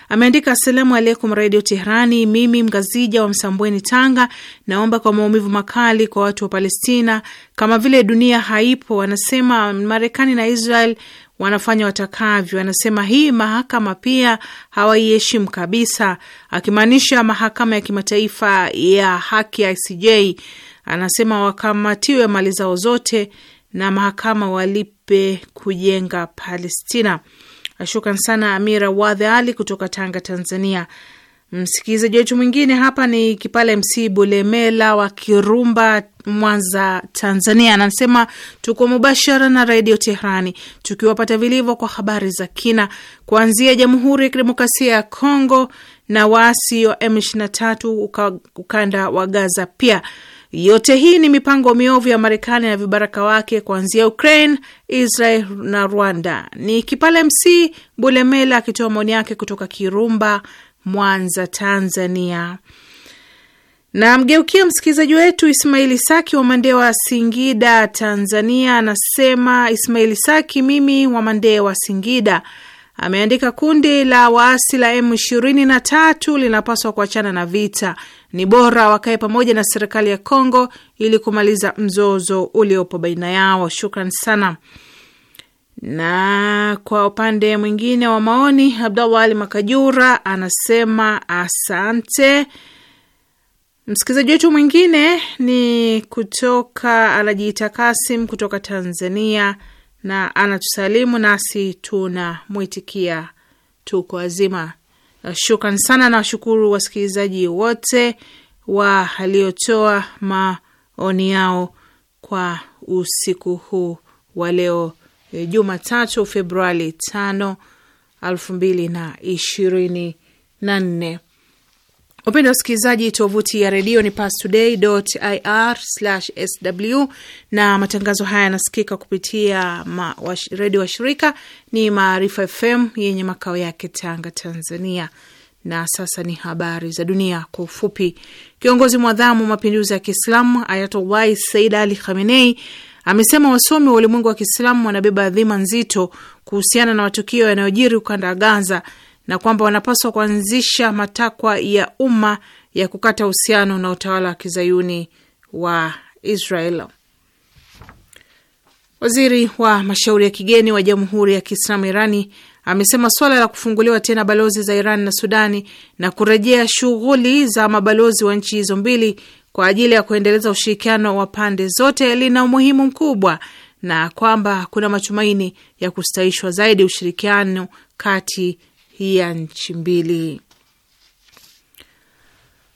Ameandika, asalamu alaikum Radio Teherani. Mimi Mgazija wa Msambweni, Tanga, naomba kwa maumivu makali kwa watu wa Palestina kama vile dunia haipo. Wanasema Marekani na Israel wanafanya watakavyo. Anasema hii mahakama pia hawaiheshimu kabisa, akimaanisha mahakama ya kimataifa ya haki ICJ. Anasema wakamatiwe mali zao zote na mahakama walipe kujenga Palestina. Shukran sana Amira wadhe Ali kutoka Tanga, Tanzania. Msikilizaji wetu mwingine hapa ni Kipale MC Bulemela wa Kirumba, Mwanza, Tanzania. Anasema tuko mubashara na Redio Teherani tukiwapata vilivyo kwa habari za kina, kuanzia Jamhuri ya Kidemokrasia ya Kongo na waasi wa M23 ukanda wa Gaza pia yote hii ni mipango miovu ya Marekani na vibaraka wake kuanzia Ukraine, Israel na Rwanda. Ni Kipale MC Bulemela akitoa maoni yake kutoka Kirumba, Mwanza, Tanzania. Na mgeukia msikilizaji wetu Ismaili Saki wa wa Singida, Tanzania. Anasema Ismaili Saki, mimi wa wa Singida. Ameandika kundi la waasi la M23 linapaswa kuachana na vita ni bora wakae pamoja na serikali ya Kongo ili kumaliza mzozo uliopo baina yao. Shukran sana. Na kwa upande mwingine wa maoni, Abdallah Ali Makajura anasema asante. Msikilizaji wetu mwingine ni kutoka, anajiita Kasim kutoka Tanzania na anatusalimu, nasi tunamwitikia tuko azima. Uh, shukran sana, nawashukuru wasikilizaji wote waliotoa maoni yao kwa usiku huu wa leo eh, Jumatatu Februari tano elfu mbili na ishirini na nne. Upendo wa usikilizaji, tovuti ya redio ni pastoday.ir/sw, na matangazo haya yanasikika kupitia redio washirika ni Maarifa FM yenye makao yake Tanga, Tanzania. Na sasa ni habari za dunia kwa ufupi. Kiongozi mwadhamu wa mapinduzi ya Kiislamu Ayatollah Said Ali Khamenei amesema wasomi wa ulimwengu wa Kiislamu wanabeba dhima nzito kuhusiana na matukio yanayojiri ukanda wa Gaza na kwamba wanapaswa kuanzisha matakwa ya umma ya kukata uhusiano na utawala wa kizayuni wa Israel. Waziri wa mashauri ya kigeni wa Jamhuri ya Kiislamu Irani amesema suala la kufunguliwa tena balozi za Iran na Sudani na kurejea shughuli za mabalozi wa nchi hizo mbili kwa ajili ya kuendeleza ushirikiano wa pande zote lina umuhimu mkubwa na kwamba kuna matumaini ya kustaishwa zaidi ushirikiano kati ya nchi mbili.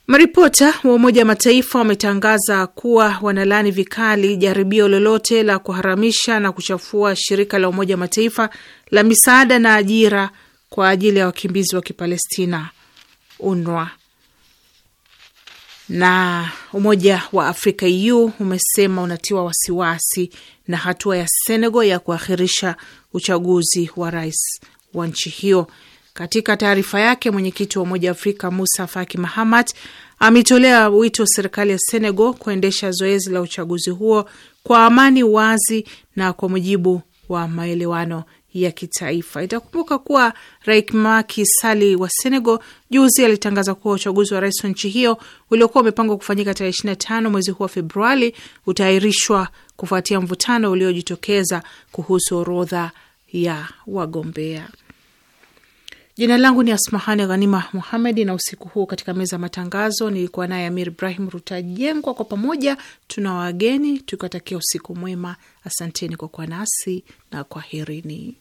Maripota wa Umoja wa Mataifa wametangaza kuwa wanalani vikali jaribio lolote la kuharamisha na kuchafua shirika la Umoja wa Mataifa la misaada na ajira kwa ajili ya wakimbizi wa Kipalestina, UNRWA. Na Umoja wa Afrika EU umesema unatiwa wasiwasi na hatua ya Senegal ya kuahirisha uchaguzi wa rais wa nchi hiyo. Katika taarifa yake, mwenyekiti wa Umoja wa Afrika Musa Faki Mahamat ametolea wito serikali ya Senegal kuendesha zoezi la uchaguzi huo kwa amani, wazi na kwa mujibu wa maelewano ya kitaifa. Itakumbuka kuwa raikmaki sali wa Senegal juzi alitangaza kuwa uchaguzi wa rais wa nchi hiyo uliokuwa umepangwa kufanyika tarehe tano mwezi huu wa Februari utaahirishwa kufuatia mvutano uliojitokeza kuhusu orodha ya wagombea. Jina langu ni Asmahani Ghanima Muhamedi, na usiku huu katika meza ya matangazo nilikuwa naye Amir Ibrahim Rutajengwa. Kwa pamoja tuna wageni tukiwatakia usiku mwema. Asanteni kwa kuwa nasi na kwaherini.